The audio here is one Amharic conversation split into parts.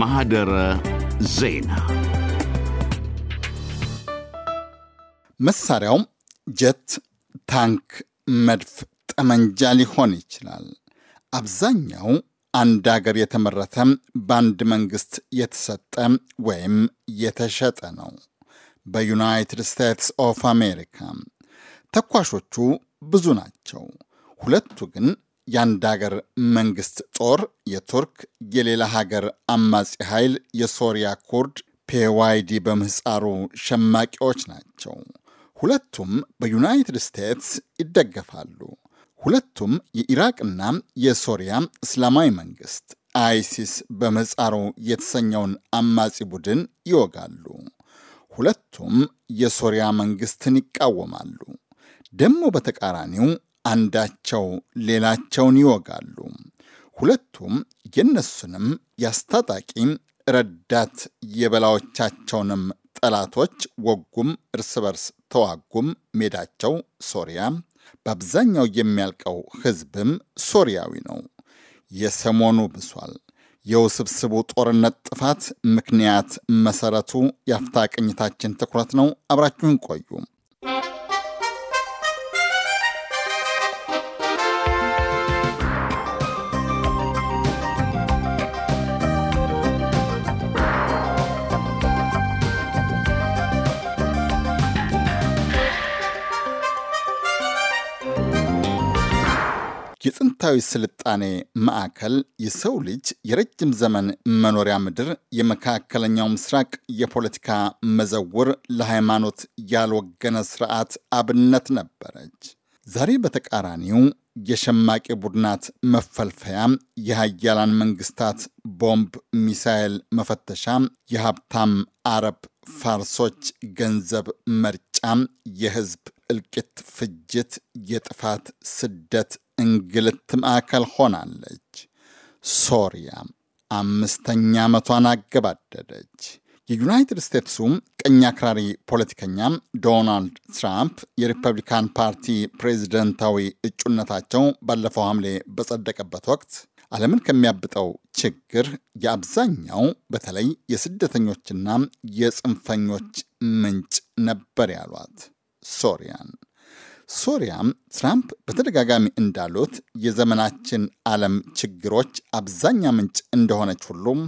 ማህደረ ዜና መሳሪያው ጀት፣ ታንክ፣ መድፍ፣ ጠመንጃ ሊሆን ይችላል። አብዛኛው አንድ አገር የተመረተ በአንድ መንግስት የተሰጠ ወይም የተሸጠ ነው። በዩናይትድ ስቴትስ ኦፍ አሜሪካ ተኳሾቹ ብዙ ናቸው። ሁለቱ ግን የአንድ ሀገር መንግስት ጦር፣ የቱርክ፣ የሌላ ሀገር አማጺ ኃይል፣ የሶሪያ ኩርድ ፔዋይዲ በምህፃሩ ሸማቂዎች ናቸው። ሁለቱም በዩናይትድ ስቴትስ ይደገፋሉ። ሁለቱም የኢራቅና የሶሪያ እስላማዊ መንግስት አይሲስ በምህፃሩ የተሰኘውን አማጺ ቡድን ይወጋሉ። ሁለቱም የሶሪያ መንግስትን ይቃወማሉ። ደግሞ በተቃራኒው አንዳቸው ሌላቸውን ይወጋሉ። ሁለቱም የነሱንም የአስታጣቂ ረዳት የበላዎቻቸውንም ጠላቶች ወጉም፣ እርስ በርስ ተዋጉም። ሜዳቸው ሶሪያ፣ በአብዛኛው የሚያልቀው ህዝብም ሶሪያዊ ነው። የሰሞኑ ብሷል። የውስብስቡ ጦርነት ጥፋት ምክንያት መሰረቱ የአፍታ ቅኝታችን ትኩረት ነው። አብራችሁን ቆዩም። የጥንታዊ ስልጣኔ ማዕከል የሰው ልጅ የረጅም ዘመን መኖሪያ ምድር፣ የመካከለኛው ምስራቅ የፖለቲካ መዘውር፣ ለሃይማኖት ያልወገነ ስርዓት አብነት ነበረች። ዛሬ በተቃራኒው የሸማቂ ቡድናት መፈልፈያ፣ የሀያላን መንግስታት ቦምብ፣ ሚሳኤል መፈተሻ፣ የሀብታም አረብ ፋርሶች ገንዘብ መርጫ፣ የህዝብ እልቂት፣ ፍጅት፣ የጥፋት ስደት እንግልት ማዕከል ሆናለች። ሶሪያ አምስተኛ ዓመቷን አገባደደች። የዩናይትድ ስቴትሱ ቀኝ አክራሪ ፖለቲከኛ ዶናልድ ትራምፕ የሪፐብሊካን ፓርቲ ፕሬዚደንታዊ እጩነታቸው ባለፈው ሐምሌ በጸደቀበት ወቅት ዓለምን ከሚያብጠው ችግር የአብዛኛው በተለይ የስደተኞችና የጽንፈኞች ምንጭ ነበር ያሏት ሶሪያን። ሶሪያም ትራምፕ በተደጋጋሚ እንዳሉት የዘመናችን ዓለም ችግሮች አብዛኛ ምንጭ እንደሆነች ሁሉም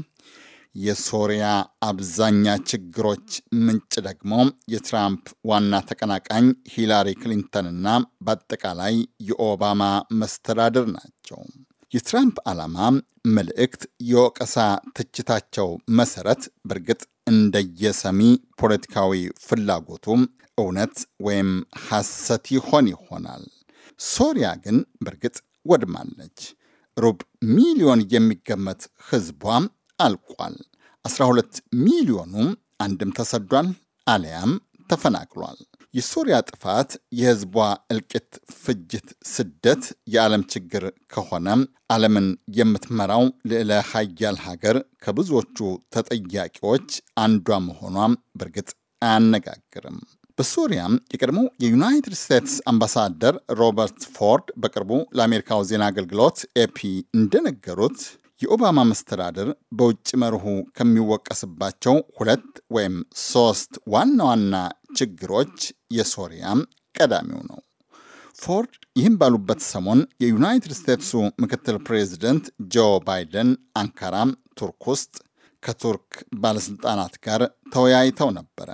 የሶሪያ አብዛኛ ችግሮች ምንጭ ደግሞ የትራምፕ ዋና ተቀናቃኝ ሂላሪ ክሊንተንና በአጠቃላይ የኦባማ መስተዳድር ናቸው። የትራምፕ ዓላማ መልእክት፣ የወቀሳ ትችታቸው መሰረት በእርግጥ እንደየሰሚ ፖለቲካዊ ፍላጎቱ እውነት ወይም ሐሰት ይሆን ይሆናል። ሶሪያ ግን በእርግጥ ወድማለች። ሩብ ሚሊዮን የሚገመት ህዝቧ አልቋል። 12 ሚሊዮኑ አንድም ተሰዷል አሊያም ተፈናቅሏል። የሶሪያ ጥፋት የሕዝቧ እልቂት፣ ፍጅት፣ ስደት የዓለም ችግር ከሆነ ዓለምን የምትመራው ልዕለ ሀያል ሀገር ከብዙዎቹ ተጠያቂዎች አንዷ መሆኗ በእርግጥ አያነጋግርም። በሶሪያም የቀድሞ የዩናይትድ ስቴትስ አምባሳደር ሮበርት ፎርድ በቅርቡ ለአሜሪካው ዜና አገልግሎት ኤፒ እንደነገሩት የኦባማ መስተዳድር በውጭ መርሁ ከሚወቀስባቸው ሁለት ወይም ሶስት ዋና ዋና ችግሮች የሶሪያም ቀዳሚው ነው። ፎርድ ይህም ባሉበት ሰሞን የዩናይትድ ስቴትሱ ምክትል ፕሬዚደንት ጆ ባይደን አንካራም ቱርክ ውስጥ ከቱርክ ባለሥልጣናት ጋር ተወያይተው ነበረ።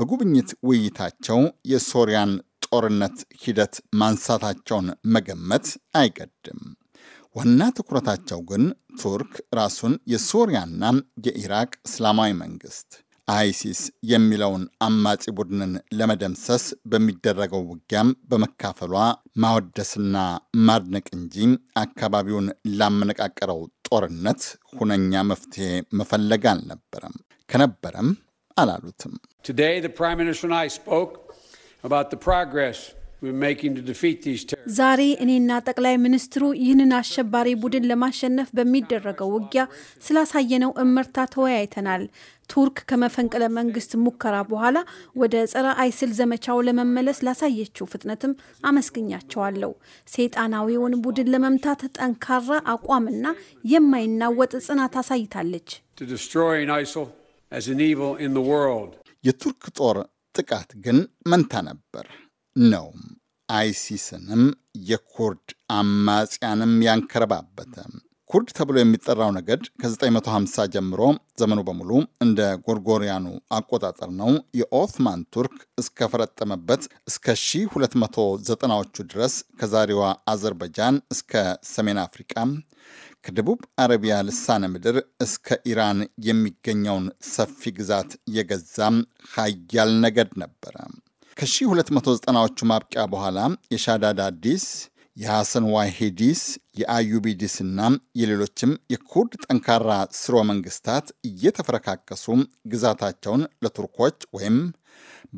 በጉብኝት ውይይታቸው የሶሪያን ጦርነት ሂደት ማንሳታቸውን መገመት አይገድም። ዋና ትኩረታቸው ግን ቱርክ ራሱን የሶሪያና የኢራቅ እስላማዊ መንግስት አይሲስ የሚለውን አማጺ ቡድንን ለመደምሰስ በሚደረገው ውጊያም በመካፈሏ ማወደስና ማድነቅ እንጂ አካባቢውን ላመነቃቀረው ጦርነት ሁነኛ መፍትሄ መፈለግ አልነበረም። ከነበረም አላሉትም። ዛሬ እኔና ጠቅላይ ሚኒስትሩ ይህንን አሸባሪ ቡድን ለማሸነፍ በሚደረገው ውጊያ ስላሳየነው እመርታ ተወያይተናል። ቱርክ ከመፈንቅለ መንግስት ሙከራ በኋላ ወደ ጸረ አይስል ዘመቻው ለመመለስ ላሳየችው ፍጥነትም አመስግኛቸዋለሁ። ሰይጣናዊውን ቡድን ለመምታት ጠንካራ አቋምና የማይናወጥ ጽናት አሳይታለች። የቱርክ ጦር ጥቃት ግን መንታ ነበር ነውም። አይሲስንም የኩርድ አማጽያንም ያንከረባበተ ኩርድ ተብሎ የሚጠራው ነገድ ከ950 ጀምሮ ዘመኑ በሙሉ እንደ ጎርጎሪያኑ አቆጣጠር ነው። የኦትማን ቱርክ እስከፈረጠመበት እስከ 1290ዎቹ ድረስ ከዛሬዋ አዘርባጃን እስከ ሰሜን አፍሪቃ ከደቡብ አረቢያ ልሳነ ምድር እስከ ኢራን የሚገኘውን ሰፊ ግዛት የገዛም ሀያል ነገድ ነበረ። ከ1990ዎቹ ማብቂያ በኋላ የሻዳድ አዲስ የሐሰን ዋሂዲስ የአዩቢዲስና የሌሎችም የኩርድ ጠንካራ ስርወ መንግስታት እየተፈረካከሱ ግዛታቸውን ለቱርኮች ወይም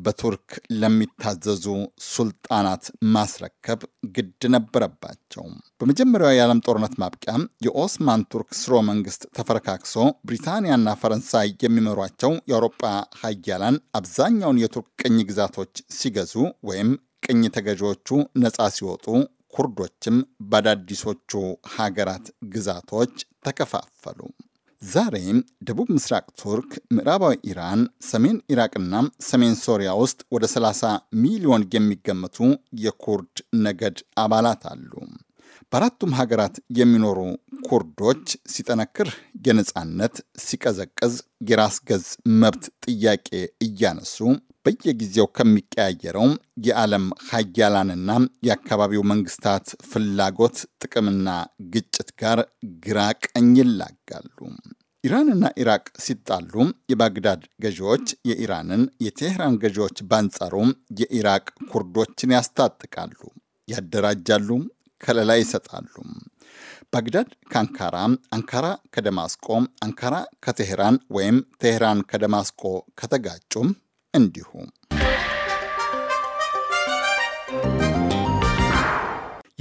በቱርክ ለሚታዘዙ ሱልጣናት ማስረከብ ግድ ነበረባቸው። በመጀመሪያው የዓለም ጦርነት ማብቂያ የኦስማን ቱርክ ስርወ መንግስት ተፈረካክሶ ብሪታንያና ፈረንሳይ የሚመሯቸው የአውሮጳ ሀያላን አብዛኛውን የቱርክ ቅኝ ግዛቶች ሲገዙ ወይም ቅኝ ተገዢዎቹ ነፃ ሲወጡ ኩርዶችም በአዳዲሶቹ ሀገራት ግዛቶች ተከፋፈሉ። ዛሬ ደቡብ ምስራቅ ቱርክ፣ ምዕራባዊ ኢራን፣ ሰሜን ኢራቅና ሰሜን ሶሪያ ውስጥ ወደ 30 ሚሊዮን የሚገመቱ የኩርድ ነገድ አባላት አሉ። በአራቱም ሀገራት የሚኖሩ ኩርዶች ሲጠነክር የነፃነት፣ ሲቀዘቅዝ የራስ ገዝ መብት ጥያቄ እያነሱ በየጊዜው ከሚቀያየረው የዓለም ሀያላንና የአካባቢው መንግስታት ፍላጎት ጥቅምና ግጭት ጋር ግራ ቀኝ ይላጋሉ። ኢራንና ኢራቅ ሲጣሉ የባግዳድ ገዢዎች የኢራንን፣ የቴህራን ገዢዎች ባንጻሩ የኢራቅ ኩርዶችን ያስታጥቃሉ፣ ያደራጃሉ፣ ከለላ ይሰጣሉ። ባግዳድ ከአንካራ፣ አንካራ ከደማስቆ፣ አንካራ ከቴህራን ወይም ቴህራን ከደማስቆ ከተጋጩ እንዲሁም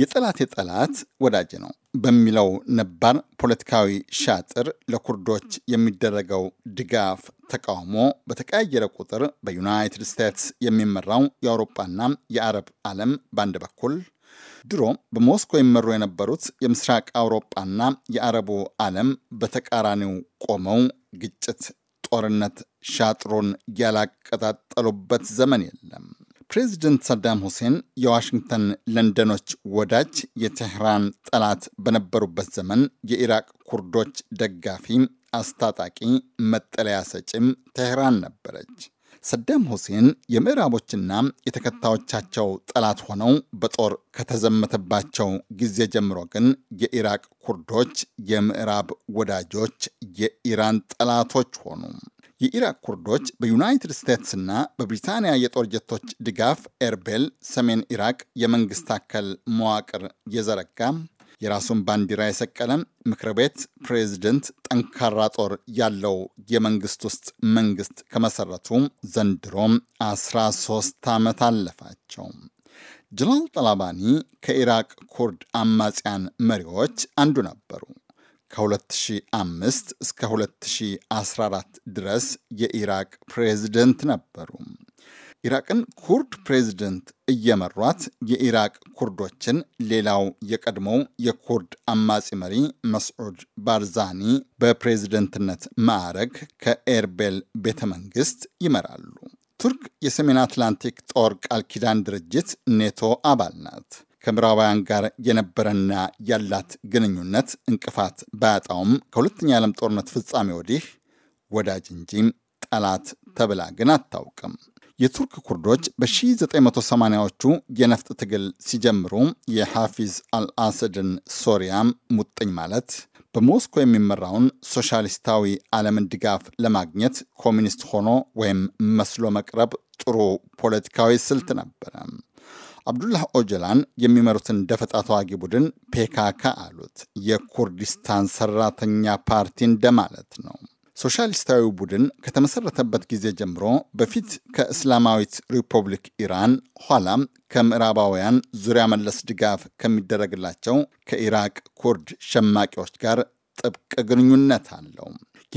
የጠላት የጠላት ወዳጅ ነው በሚለው ነባር ፖለቲካዊ ሻጥር ለኩርዶች የሚደረገው ድጋፍ፣ ተቃውሞ በተቀያየረ ቁጥር በዩናይትድ ስቴትስ የሚመራው የአውሮፓና የአረብ ዓለም በአንድ በኩል ድሮ በሞስኮ ይመሩ የነበሩት የምስራቅ አውሮፓና የአረቡ ዓለም በተቃራኒው ቆመው ግጭት ጦርነት ሻጥሩን ያላቀጣጠሉበት ዘመን የለም። ፕሬዚደንት ሳዳም ሁሴን የዋሽንግተን ለንደኖች ወዳጅ፣ የቴህራን ጠላት በነበሩበት ዘመን የኢራቅ ኩርዶች ደጋፊ፣ አስታጣቂ፣ መጠለያ ሰጪም ቴህራን ነበረች። ሰዳም ሁሴን የምዕራቦችና የተከታዮቻቸው ጠላት ሆነው በጦር ከተዘመተባቸው ጊዜ ጀምሮ ግን የኢራቅ ኩርዶች የምዕራብ ወዳጆች የኢራን ጠላቶች ሆኑ። የኢራቅ ኩርዶች በዩናይትድ ስቴትስና በብሪታንያ የጦር ጀቶች ድጋፍ ኤርቤል ሰሜን ኢራቅ የመንግስት አካል መዋቅር የዘረጋ የራሱን ባንዲራ የሰቀለ ምክር ቤት ፕሬዚደንት ጠንካራ ጦር ያለው የመንግስት ውስጥ መንግስት ከመሰረቱ ዘንድሮም 13 ዓመት አለፋቸው። ጀላል ጠላባኒ ከኢራቅ ኩርድ አማጽያን መሪዎች አንዱ ነበሩ። ከ2005 እስከ 2014 ድረስ የኢራቅ ፕሬዚደንት ነበሩ። ኢራቅን ኩርድ ፕሬዝደንት እየመሯት የኢራቅ ኩርዶችን ሌላው የቀድሞው የኩርድ አማጺ መሪ መስዑድ ባርዛኒ በፕሬዝደንትነት ማዕረግ ከኤርቤል ቤተ መንግስት ይመራሉ። ቱርክ የሰሜን አትላንቲክ ጦር ቃል ኪዳን ድርጅት ኔቶ አባል ናት። ከምዕራባውያን ጋር የነበረና ያላት ግንኙነት እንቅፋት ባያጣውም ከሁለተኛ ዓለም ጦርነት ፍጻሜ ወዲህ ወዳጅ እንጂም ጠላት ተብላ ግን አታውቅም። የቱርክ ኩርዶች በ1980ዎቹ የነፍጥ ትግል ሲጀምሩ የሐፊዝ አልአሰድን ሶሪያም ሙጥኝ ማለት በሞስኮ የሚመራውን ሶሻሊስታዊ ዓለምን ድጋፍ ለማግኘት ኮሚኒስት ሆኖ ወይም መስሎ መቅረብ ጥሩ ፖለቲካዊ ስልት ነበረ። አብዱላህ ኦጀላን የሚመሩትን ደፈጣ ተዋጊ ቡድን ፔካካ አሉት። የኩርዲስታን ሰራተኛ ፓርቲ እንደማለት ነው። ሶሻሊስታዊ ቡድን ከተመሰረተበት ጊዜ ጀምሮ በፊት ከእስላማዊት ሪፐብሊክ ኢራን ኋላም ከምዕራባውያን ዙሪያ መለስ ድጋፍ ከሚደረግላቸው ከኢራቅ ኩርድ ሸማቂዎች ጋር ጥብቅ ግንኙነት አለው።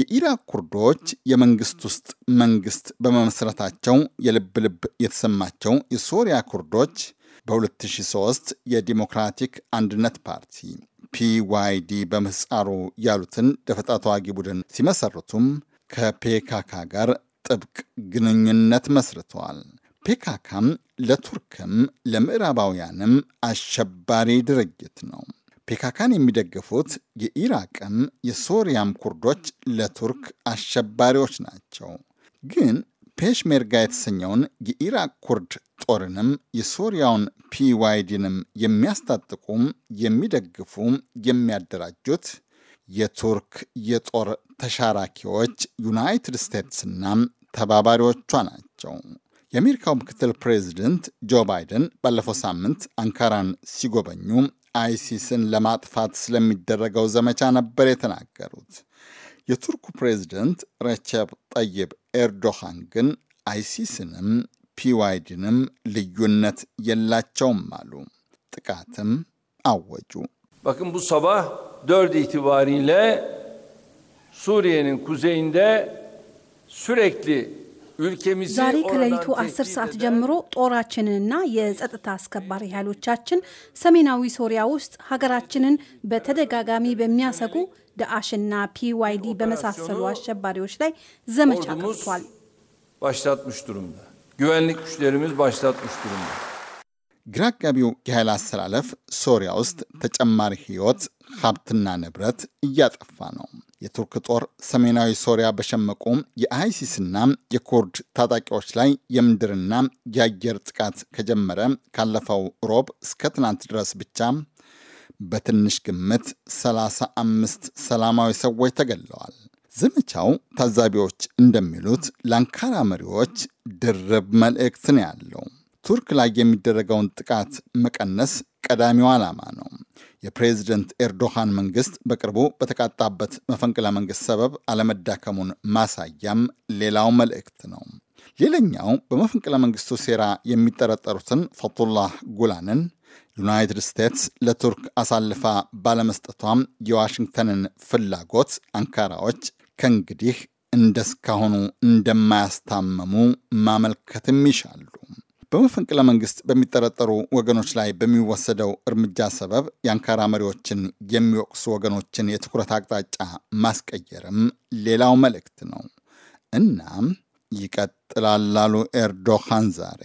የኢራቅ ኩርዶች የመንግስት ውስጥ መንግስት በመመስረታቸው የልብ ልብ የተሰማቸው የሶሪያ ኩርዶች በ2003 የዲሞክራቲክ አንድነት ፓርቲ ፒዋይዲ በምህፃሩ ያሉትን ደፈጣ ተዋጊ ቡድን ሲመሰርቱም ከፔካካ ጋር ጥብቅ ግንኙነት መስርተዋል። ፔካካም ለቱርክም ለምዕራባውያንም አሸባሪ ድርጅት ነው። ፔካካን የሚደግፉት የኢራቅም የሶሪያም ኩርዶች ለቱርክ አሸባሪዎች ናቸው። ግን ፔሽሜርጋ የተሰኘውን የኢራቅ ኩርድ ጦርንም የሶሪያውን ፒዋይዲንም የሚያስታጥቁም የሚደግፉም የሚያደራጁት የቱርክ የጦር ተሻራኪዎች ዩናይትድ ስቴትስና ተባባሪዎቿ ናቸው። የአሜሪካው ምክትል ፕሬዚደንት ጆ ባይደን ባለፈው ሳምንት አንካራን ሲጎበኙ አይሲስን ለማጥፋት ስለሚደረገው ዘመቻ ነበር የተናገሩት። የቱርኩ ፕሬዚደንት ረቸብ ጠይብ ኤርዶሃን ግን አይሲስንም ፒዋይድንም ልዩነት የላቸውም አሉ። ጥቃትም አወጁ። Bakın bu sabah 4 itibariyle Suriye'nin kuzeyinde ሱሬክሊ ዛሬ ከሌሊቱ አስር ሰዓት ጀምሮ ጦራችንንና የጸጥታ አስከባሪ ኃይሎቻችን ሰሜናዊ ሶሪያ ውስጥ ሀገራችንን በተደጋጋሚ በሚያሰጉ ዳአሽና ፒዋይዲ በመሳሰሉ አሸባሪዎች ላይ ዘመቻ ከፍቷል። güvenlik güçlerimiz başlatmış durumda. ግራ ገቢው የኃይል አሰላለፍ ሶሪያ ውስጥ ተጨማሪ ህይወት፣ ሀብትና ንብረት እያጠፋ ነው። የቱርክ ጦር ሰሜናዊ ሶሪያ በሸመቁ የአይሲስና የኩርድ ታጣቂዎች ላይ የምድርና የአየር ጥቃት ከጀመረ ካለፈው ሮብ እስከ ትናንት ድረስ ብቻ በትንሽ ግምት 35 ሰላማዊ ሰዎች ተገድለዋል። ዘመቻው ታዛቢዎች እንደሚሉት ለአንካራ መሪዎች ድርብ መልእክት ነው ያለው። ቱርክ ላይ የሚደረገውን ጥቃት መቀነስ ቀዳሚው ዓላማ ነው። የፕሬዚደንት ኤርዶሃን መንግስት በቅርቡ በተቃጣበት መፈንቅለ መንግስት ሰበብ አለመዳከሙን ማሳያም ሌላው መልእክት ነው። ሌላኛው በመፈንቅለ መንግስቱ ሴራ የሚጠረጠሩትን ፈቱላህ ጉላንን ዩናይትድ ስቴትስ ለቱርክ አሳልፋ ባለመስጠቷም የዋሽንግተንን ፍላጎት አንካራዎች ከእንግዲህ እንደስካሁኑ እንደማያስታመሙ ማመልከትም ይሻሉ። በመፈንቅለ መንግስት በሚጠረጠሩ ወገኖች ላይ በሚወሰደው እርምጃ ሰበብ የአንካራ መሪዎችን የሚወቅሱ ወገኖችን የትኩረት አቅጣጫ ማስቀየርም ሌላው መልእክት ነው። እናም ይቀጥላል አሉ ኤርዶሃን ዛሬ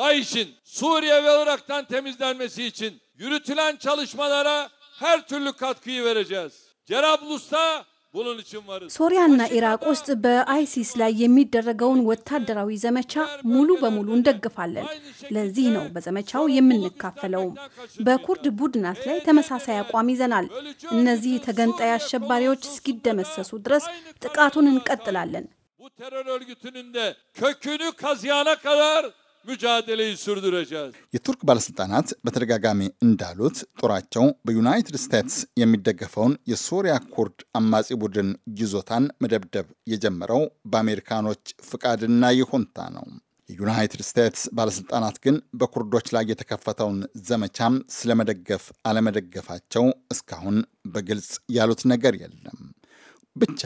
ዳይሽን ሱሪያ ve Irak'tan ችን için ቻልሽማላራ çalışmalara her türlü katkıyı vereceğiz. ሶሪያና ኢራቅ ውስጥ በአይሲስ ላይ የሚደረገውን ወታደራዊ ዘመቻ ሙሉ በሙሉ እንደግፋለን። ለዚህ ነው በዘመቻው የምንካፈለውም። በኩርድ ቡድናት ላይ ተመሳሳይ አቋም ይዘናል። እነዚህ ተገንጣይ አሸባሪዎች እስኪደመሰሱ ድረስ ጥቃቱን እንቀጥላለን። mücadeleyi sürdüreceğiz። የቱርክ ባለስልጣናት በተደጋጋሚ እንዳሉት ጦራቸው በዩናይትድ ስቴትስ የሚደገፈውን የሶሪያ ኩርድ አማጺ ቡድን ይዞታን መደብደብ የጀመረው በአሜሪካኖች ፍቃድና ይሁንታ ነው። የዩናይትድ ስቴትስ ባለስልጣናት ግን በኩርዶች ላይ የተከፈተውን ዘመቻም ስለመደገፍ አለመደገፋቸው እስካሁን በግልጽ ያሉት ነገር የለም። ብቻ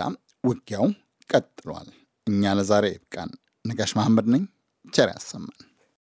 ውጊያው ቀጥሏል። እኛ ለዛሬ ይብቃን። ነጋሽ መሐመድ ነኝ። ቸር ያሰማን።